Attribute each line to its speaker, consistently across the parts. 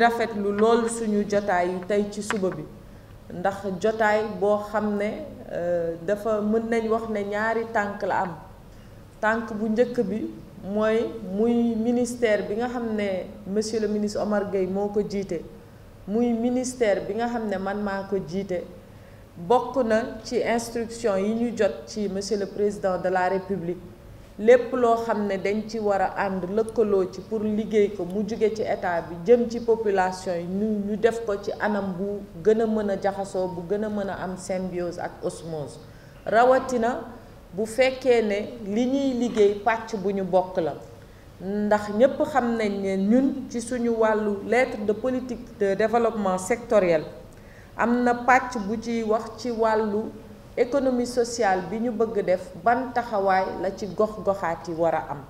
Speaker 1: rafetlu lool suñu jotaay yi tey ci suba bi ndax jotaay boo xam ne euh, dafa mën nañ wax ne ñaari tànk la am tànk bu njëkk bi mooy muy ministère bi nga xam ne monsieur le ministre Omar Gueye moo ko jiite muy ministère bi nga xam ne man maa ko jiite bokk na ci instruction yi ñu jot ci monsieur le président de la république lépp loo xam ne dañ ci war a ànd lëkkaloo ci pour liggéey ko mu jóge ci état bi jëm ci population yi ñu ñu def ko ci anam bu gën a mën a jaxasoo bu gën a mën a am symbiose ak osmose rawatina bu fekkee ne li ñuy liggéey pàcc bu ñu bokk la ndax ñépp xam nañ ne ñun ci suñu wàllu lettre de politique de développement sectoriel am na pàcc bu ciy wax ci wàllu économie sociale bi ñu bëgg def ban taxawaay la ci gox-goxaat yi war a am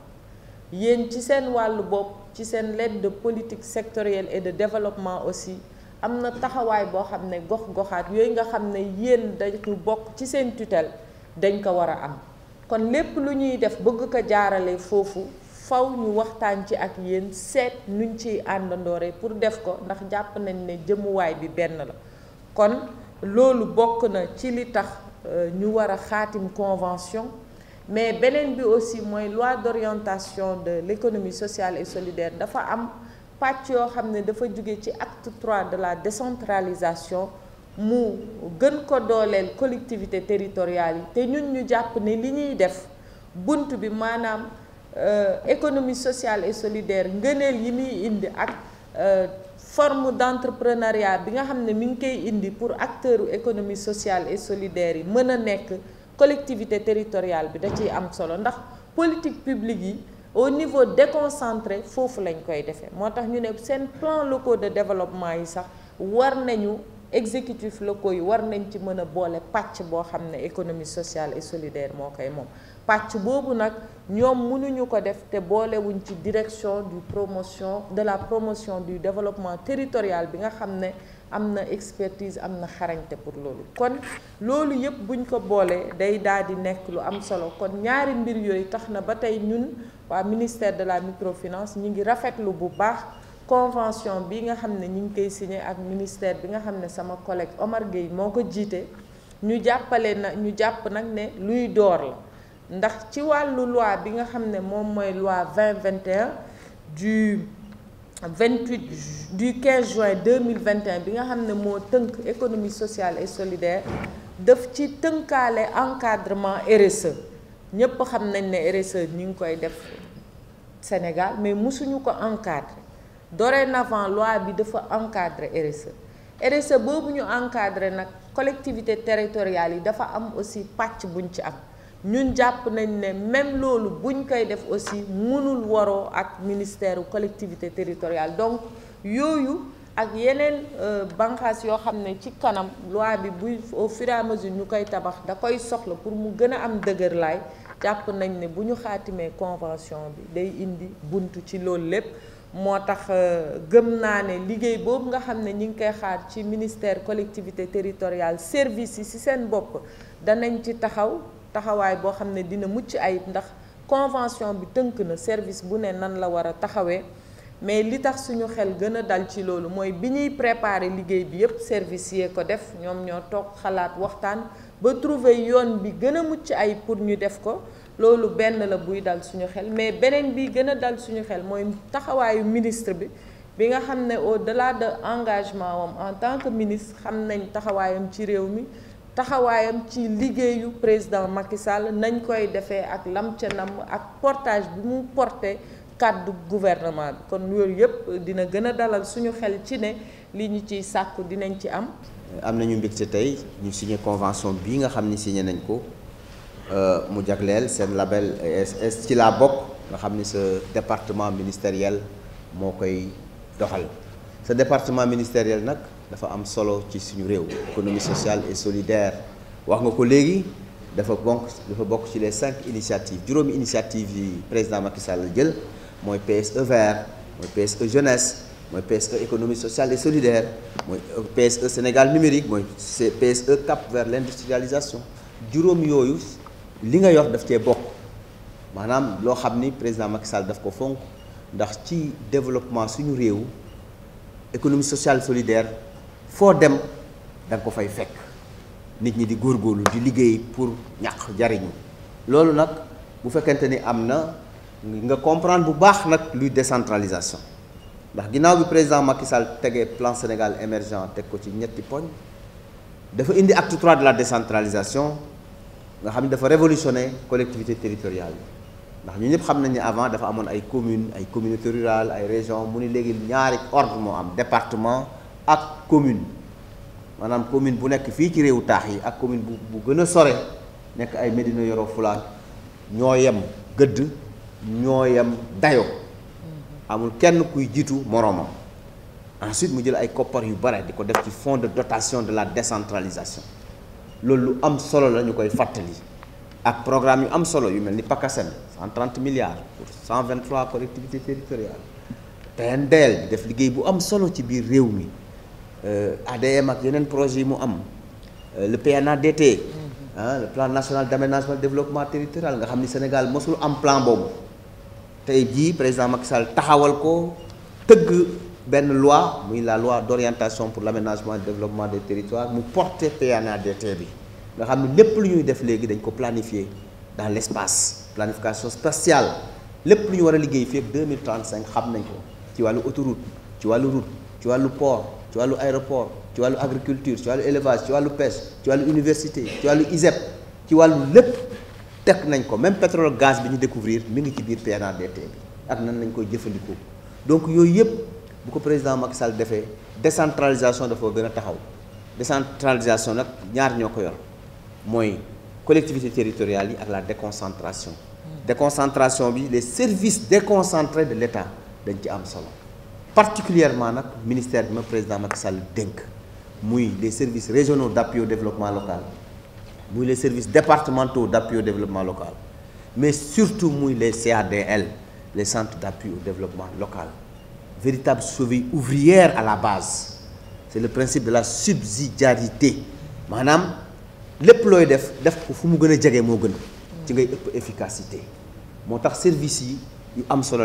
Speaker 1: yéen ci seen wàllu bopp ci seen lettre de politique sectorielle et de développement aussi am na taxawaay boo xam ne gox-goxaat yooyu nga xam ne yéen dañu bokk ci seen tutelle dañ ko war a am kon lépp lu ñuy def bëgg ko jaarale foofu faw ñu waxtaan ci ak yéen seet nuñ ciy àndandoore pour def ko ndax jàpp nañ ne jëmuwaay bi benn la kon loolu bokk na ci li tax nous euh, avons une convention mais beneen bi aussi mooy loi d'orientation de l'économie sociale et solidaire dafa am pàcc un acte 3 de la décentralisation mou gën ko collectivités collectivité territoriale nous avons ñun ñu jàpp ne li ñuy def bunt bi manam euh, économie sociale et solidaire ngëneel yi forme d'entrepreneuriat bi nga xamné mi ngi indi pour acteur économie sociale et solidaire yi mën collectivité territoriale bi da politique publique au niveau déconcentré fofu lañ koy défé motax ñu plan locaux de développement yi sax war nañu exécutif locaux yi war nañ ci mën bolé patch économie sociale et solidaire mo pàcc boobu nag ñoom mënuñu ko def te wuñ ci direction du promotion de la promotion du développement territorial bi nga xamné amna expertise amna na pour lolu kon lolu yëpp buñ ko boolee day daal di nekk lu am solo kon ñaari mbir yoy taxna na ñun wa ministère de la microfinance ñi ngi rafetlu bu baax convention bi nga xamné ñi ngi koy signé ak ministère bi nga xamné sama collègue Omar Gueye moko jité ñu jàppale na ñu japp nak né luy door la ndax ci loi loi 2021 du 28 du 15 juin 2021 bi nga économie sociale et solidaire def ci teunkalé encadrement RSE xam nañ RSE e ñu koy Sénégal mais nous ko encadrer dorénavant loi bi encadrer RSE RSE encadrer la collectivité territoriale am aussi patch buñ ñun jàpp nañ ne même loolu buñ koy def aussi mënul waroo ak ministère collectivité territoriale donc yooyu ak yeneen euh, banqaas yoo xam ne ci kanam loi bi buy au fur ñu koy tabax da koy soxla pour mu gën a am dëgër laay jàpp nañ ne bu ñu xaatimee convention bi day indi buntu ci loolu lépp moo tax euh, gëm naa ne liggéey boobu nga xam ne ñi ngi koy xaar ci ministère collectivité territoriale service yi ci seen bopp danañ ci taxaw taxawaay boo xam ne dina mucc ayib ndax convention bi tënk na service bu ne nan la war a taxawee mais li tax suñu xel gën a dal ci loolu mooy bi ñuy préparer liggéey bi yépp service yee ko def ñoom ñoo toog xalaat waxtaan ba trouver yoon bi gën a mucc ayib pour ñu def ko loolu benn la buy dal suñu xel mais beneen bi gën a dal suñu xel mooy taxawaayu ministre bi bi nga xam ne au delà de engagement wam en tant que ministre xam nañ taxawaayam ci réew mi taxawaayam ci liggéeyu président Macky Sall nañ koy defee ak lam nam ak portage bi mu porté kàddu gouvernement bi kon yooyu yëpp dina gën a dalal suñu xel ci ne li ñu ciy sàkku dinañ ci am.
Speaker 2: am nañu mbégte tey ñu signé convention bii nga xam ni signé nañ ko euh, mu jagleel seen label ESS ci laa bokk nga xam ni sa département ministériel moo koy doxal sa département ministériel nag. dafa am solo ci suñu réew économie sociale et solidaire wax nga ko léegi dafa sur ci les cinq initiatives durant l'initiative du président Macky Sall mon PSE vert mon PSE jeunesse mon PSE économie sociale et solidaire mon PSE Sénégal numérique mon PSE cap vers l'industrialisation durant yooyu l'ingénieur nga Ce daf cee bokk maanaam président Macky Sall daf ko fonk ndax ci développement suñu l'économie économie sociale solidaire foo dem dang ko fay fek nit ñi di gorgolu di liggéey pour ñak jariñu lolu nak bu fekkente ni amna nga comprendre bu baax nak luy décentralisation ndax ginaaw bi président Macky Sall tégué plan Sénégal émergent tek ko ci ñetti poñ dafa indi acte 3 de la décentralisation nga xam ne dafa révolutionner collectivité territoriale ndax ñu ñëpp xam nañ ni avant dafa amone ay communes ay communautés rurales ay régions mu ni léegi ñaari ordre mo am département ak commune maanaam commune bu nekk fii ci réewu taax yi ak commune bu bu gën a sore nekk ay Médina Yoro Fula ñoo yem gëdd ñoo yem dayo amul kenn kuy jiitu moroomam ensuite mu jël ay koppar yu bari di ko def ci fonds de dotation de la décentralisation loolu lu am solo la ñu koy fàttali ak programme yu am solo yu mel ni PACASEN e 130 milliards pour 123 collectivités territoriales PNDL def liggéey bu am solo ci biir réew mi Euh, ADM ak yeneen projet mu euh, le PNADT ah, le plan national d'aménagement et développement territorial nga xam ni Sénégal mosul am plan boobu le président Macky Sall taxawal ko tëgg benn loi la loi d'orientation pour l'aménagement et développement des territoires mu porter PNADT bi nga xam ne lépp lu ñuy def léegi dañ ko planifier dans l'espace planification spatiale Les lu ñu war a liggéey 2035 xam nañ ko ci wàllu autoroute ci wàllu route ci wàllu port tu as l'aéroport tu as l'agriculture tu as l'élevage tu as le pêche tu as l'université tu as l'isep tu as le teg nañ même pétrole gaz qui gaz, découvrir mais c'est ci biir PNADT bi nan Donc, il y donc yooyu yëpp bu ko président Macky Sall décentralisation de la a la décentralisation c'est ñaar yor collectivité territoriale à la déconcentration hmm. déconcentration c'est les services déconcentrés de l'État dañ am salon particulièrement le ministère du président Macky Sall les services régionaux d'appui au développement local les services départementaux d'appui au développement local mais surtout les CADL les centres d'appui au développement local véritable survie ouvrière à la base c'est le principe de la subsidiarité madame. le looy def def ko fu pour efficacité service yi yu am solo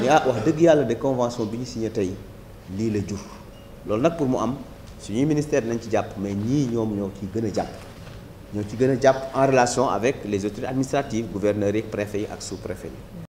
Speaker 2: mais ah wax deux yàlla de convention bi ñu signé tey lii la jur pour moi am suñuy ministère nañ ci mais ñii ñoom ñoo ci gën a ñoo ci en relation avec les autorités administratives gouverneurs préfets préfet ak sous-préfet